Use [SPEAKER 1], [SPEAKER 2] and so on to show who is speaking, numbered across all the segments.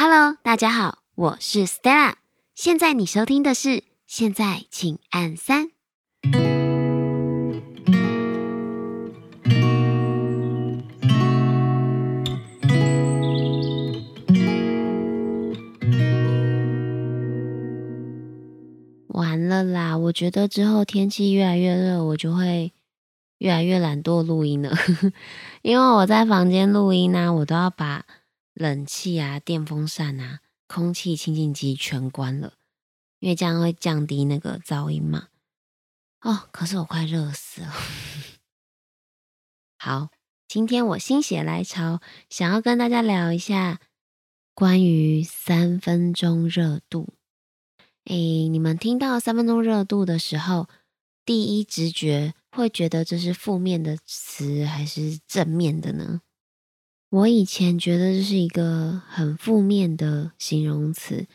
[SPEAKER 1] Hello，大家好，我是 Stella。現在你收聽的是，現在請按三。完了啦，我覺得之後天氣越來越熱，我就會越來越懶惰錄音了。 因為我在房間錄音呢、啊，我都要把。冷氣啊、電風扇啊、空氣清淨機全關了，因為這樣會降低那個噪音嘛。哦，可是我快熱死了。 好，今天我心血來潮，想要跟大家聊一下關於三分鐘熱度。哎、欸，你們聽到三分鐘熱度的時候，第一直覺會覺得這是負面的詞還是正面的呢？我以前覺得這是一個很負面的形容詞，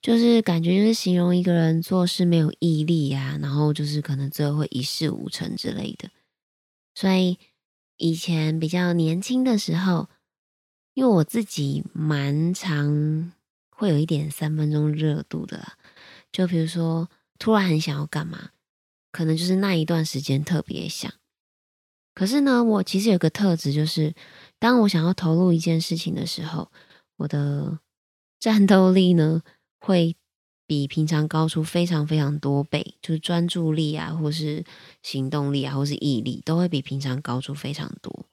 [SPEAKER 1] 就是感覺就是形容一個人做事沒有毅力啊，然後就是可能最後會一事無成之類的。所以以前比較年輕的時候，因為我自己蠻常會有一點三分鐘熱度的啦，就比如說突然很想要幹嘛，可能就是那一段時間特別想。可是呢，我其實有個特質就是。當我想要投入一件事情的時候，我的戰鬥力呢會比平常高出非常非常多倍，就是專注力啊，或是行動力啊，或是毅力，都會比平常高出非常多。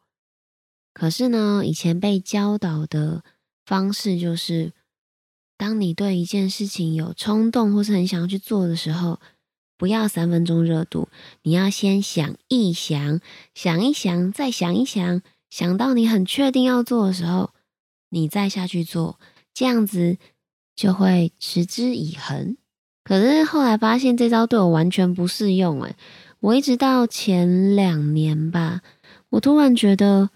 [SPEAKER 1] 可是呢，以前被教導的方式就是，當你對一件事情有衝動或是很想要去做的時候，不要三分鐘熱度，你要先想一想，想一想，再想一想。想到你很確定要做的時候，你再下去做，這樣子就會持之以恆。可是後來發現這招對我完全不適用，哎，我一直到前兩年吧，我突然覺得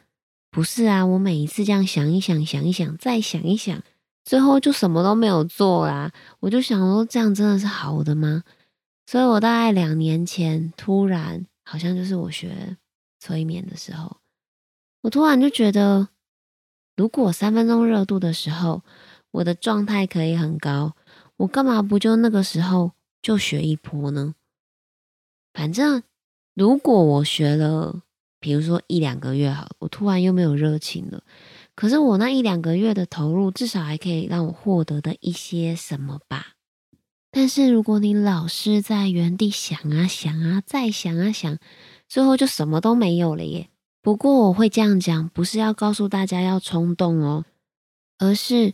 [SPEAKER 1] 不是啊，我每一次這樣想一想，想一想，再想一想，最後就什麼都沒有做啦、啊。我就想說，這樣真的是好的嗎？所以我大概兩年前突然，好像就是我學催眠的時候。我突然就覺得，如果三分鐘熱度的時候，我的狀態可以很高，我幹嘛不就那個時候就學一波呢？反正如果我學了，比如說一兩個月，好了，我突然又沒有熱情了。可是我那一兩個月的投入，至少還可以讓我獲得的一些什麼吧。但是如果你老是在原地想啊想啊再想啊想，最後就什麼都沒有了耶。不過我會這樣講，不是要告訴大家要衝動哦，而是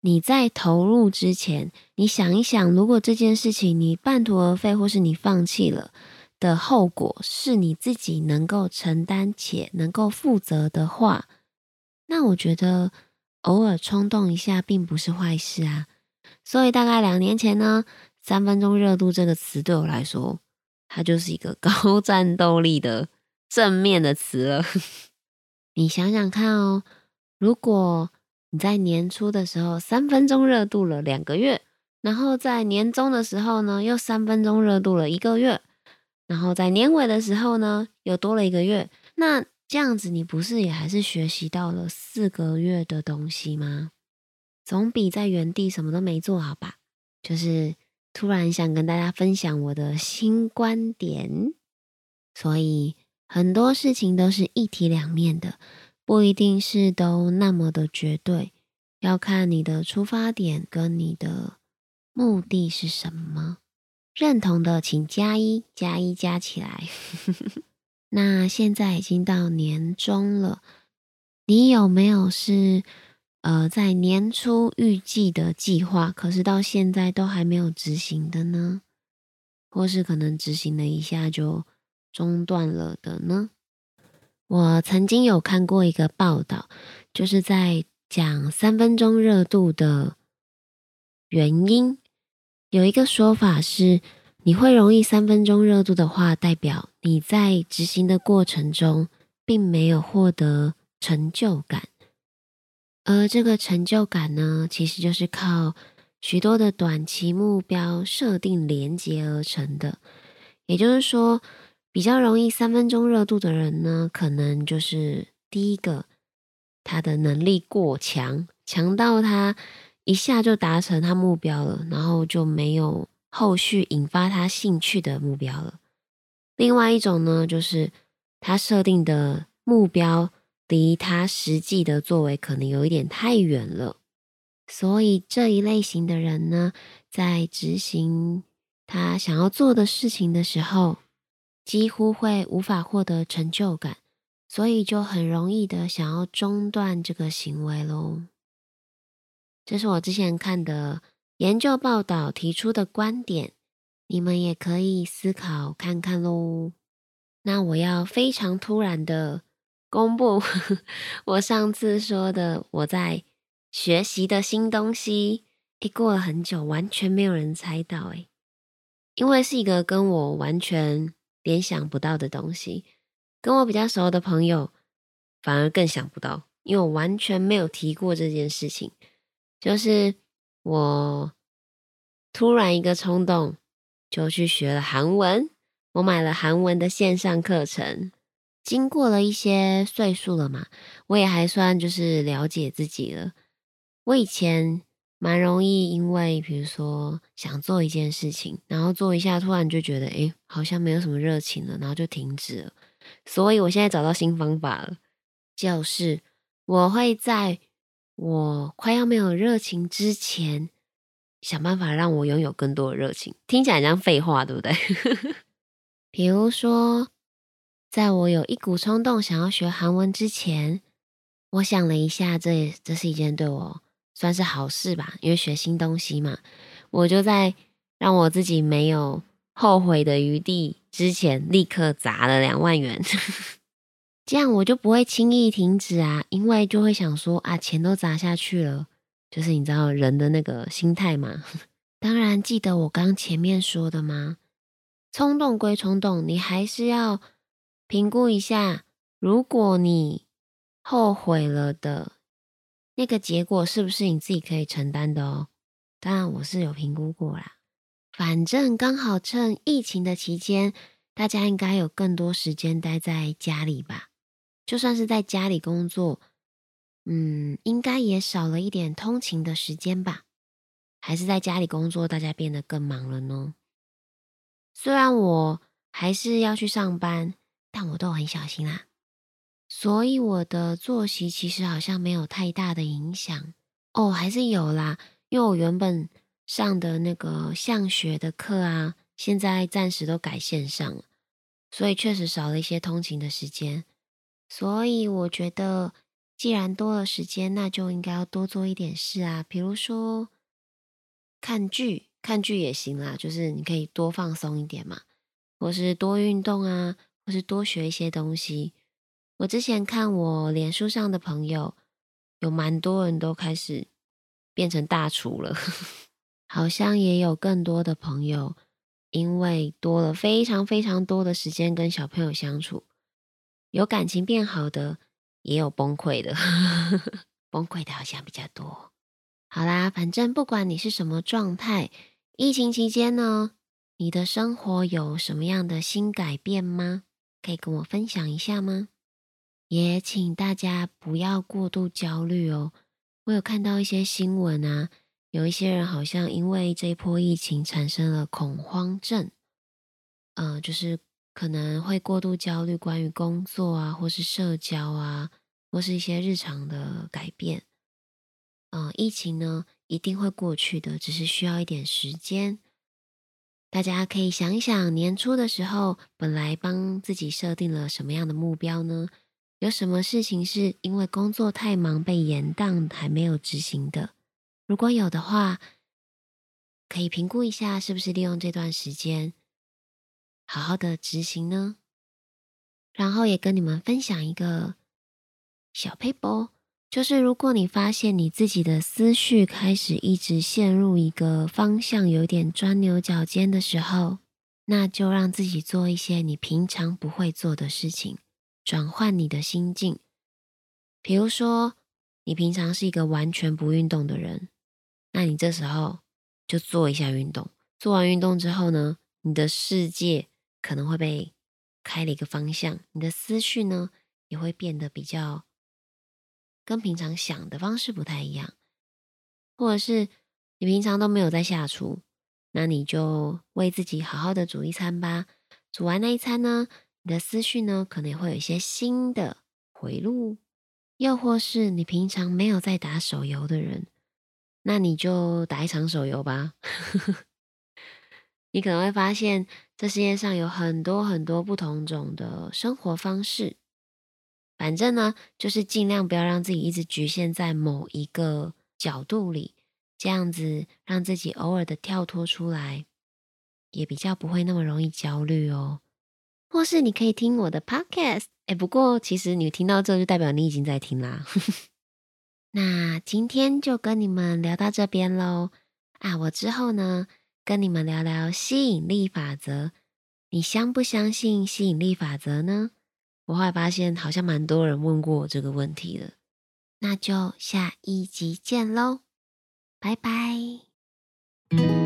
[SPEAKER 1] 你在投入之前，你想一想，如果這件事情你半途而廢，或是你放棄了的後果，是你自己能夠承擔且能夠負責的話，那我覺得偶爾衝動一下並不是壞事啊。所以大概兩年前呢，“三分鐘熱度”這個詞對我來說，它就是一個高戰鬥力的。正面的詞了， 你想想看哦。如果你在年初的時候三分鐘熱度了兩個月，然後在年終的時候呢又三分鐘熱度了一個月，然後在年尾的時候呢又多了一個月，那這樣子你不是也還是學習到了四個月的東西嗎？總比在原地什麼都沒做好吧。就是突然想跟大家分享我的新觀點，所以。很多事情都是一體兩面的，不一定是都那麼的絕對，要看你的出發點跟你的目的是什麼。認同的請加一加一加起來。 那現在已經到年終了，你有沒有是呃在年初預計的計劃，可是到現在都還沒有執行的呢？或是可能執行了一下就？中斷了的呢？我曾經有看過一個報道，就是在講三分鐘熱度的原因。有一個說法是，你會容易三分鐘熱度的話，代表你在執行的過程中並沒有獲得成就感，而這個成就感呢，其實就是靠許多的短期目標設定連接而成的。也就是說，比較容易三分鐘熱度的人呢，可能就是第一個，他的能力過強，強到他一下就達成他目標了，然後就沒有後續引發他興趣的目標了。另外一種呢，就是他設定的目標離他實際的作為可能有一點太遠了，所以這一類型的人呢，在執行他想要做的事情的時候，幾乎會無法獲得成就感，所以就很容易的想要中斷這個行為咯。這是我之前看的研究報道提出的觀點，你們也可以思考看看咯。那我要非常突然的公布 我上次說的我在學習的新東西，一過了很久，完全沒有人猜到，欸，因為是一個跟我完全。聯想不到的東西，跟我比較熟的朋友反而更想不到，因為我完全沒有提過這件事情。就是我突然一個衝動，就去學了韓文，我買了韓文的線上課程。經過了一些歲數了嘛，我也還算就是了解自己了。我以前。蠻容易，因為比如說想做一件事情，然後做一下，突然就覺得誒、欸、好像沒有什麼熱情了，然後就停止了。所以我現在找到新方法了，就是我會在我快要沒有熱情之前，想辦法讓我擁有更多的熱情。聽起來很像廢話，對不對？ 比如說，在我有一股衝動想要學韓文之前，我想了一下，這這是一件對我。算是好事吧，因為學新東西嘛，我就在讓我自己沒有後悔的餘地之前，立刻砸了兩萬元， 這樣我就不會輕易停止啊，因為就會想說啊，錢都砸下去了，就是你知道人的那個心態嘛。 當然記得我剛前面說的嗎？衝動歸衝動，你還是要評估一下，如果你後悔了的。那個結果是不是你自己可以承擔的哦？當然我是有評估過啦。反正剛好趁疫情的期間，大家應該有更多時間待在家裡吧。就算是在家裡工作，嗯，應該也少了一點通勤的時間吧？還是在家裡工作，大家變得更忙了呢？雖然我還是要去上班，但我都很小心啦，啊。所以我的作息其實好像沒有太大的影響。哦，還是有啦，因為我原本上的那個上學的課啊，現在暫時都改線上了，所以確實少了一些通勤的時間。所以我覺得，既然多了時間，那就應該要多做一點事啊，比如說看劇，看劇也行啦，就是你可以多放鬆一點嘛，或是多運動啊，或是多學一些東西。我之前看我臉書上的朋友，有蠻多人都開始變成大廚了， 好像也有更多的朋友因為多了非常非常多的時間跟小朋友相處，有感情變好的，也有崩潰的， 崩潰的好像比較多。好啦，反正不管你是什麼狀態，疫情期間呢，你的生活有什麼樣的新改變嗎？可以跟我分享一下嗎？也請大家不要過度焦慮哦。我有看到一些新聞啊，有一些人好像因為這一波疫情產生了恐慌症，呃，就是可能會過度焦慮關於工作啊，或是社交啊，或是一些日常的改變。嗯、呃，疫情呢一定會過去的，只是需要一點時間。大家可以想一想，年初的時候，本來幫自己設定了什麼樣的目標呢？有什麼事情是因為工作太忙被延宕，還沒有執行的？如果有的話，可以評估一下是不是利用這段時間好好的執行呢？然後也跟你們分享一個小撇步，就是如果你發現你自己的思緒開始一直陷入一個方向，有點鑽牛角尖的時候，那就讓自己做一些你平常不會做的事情。轉換你的心境，比如說你平常是一個完全不運動的人，那你這時候就做一下運動。做完運動之後呢，你的世界可能會被開了一個方向，你的思緒呢也會變得比較跟平常想的方式不太一樣。或者是你平常都沒有在下廚，那你就為自己好好的煮一餐吧。煮完那一餐呢，你的思緒呢，可能也會有一些新的回路，又或是你平常沒有在打手遊的人，那你就打一場手遊吧。 你可能會發現，這世界上有很多很多不同種的生活方式。反正呢，就是盡量不要讓自己一直局限在某一個角度裡，這樣子讓自己偶爾的跳脫出來，也比較不會那麼容易焦慮哦。或是你可以聽我的 podcast。欸，不過其實你聽到這就代表你已經在聽啦。 那今天就跟你們聊到這邊嘍。啊，我之後呢，跟你們聊聊吸引力法則。你相不相信吸引力法則呢？我後來發現好像蠻多人問過我這個問題的，那就下一集見嘍，拜拜。嗯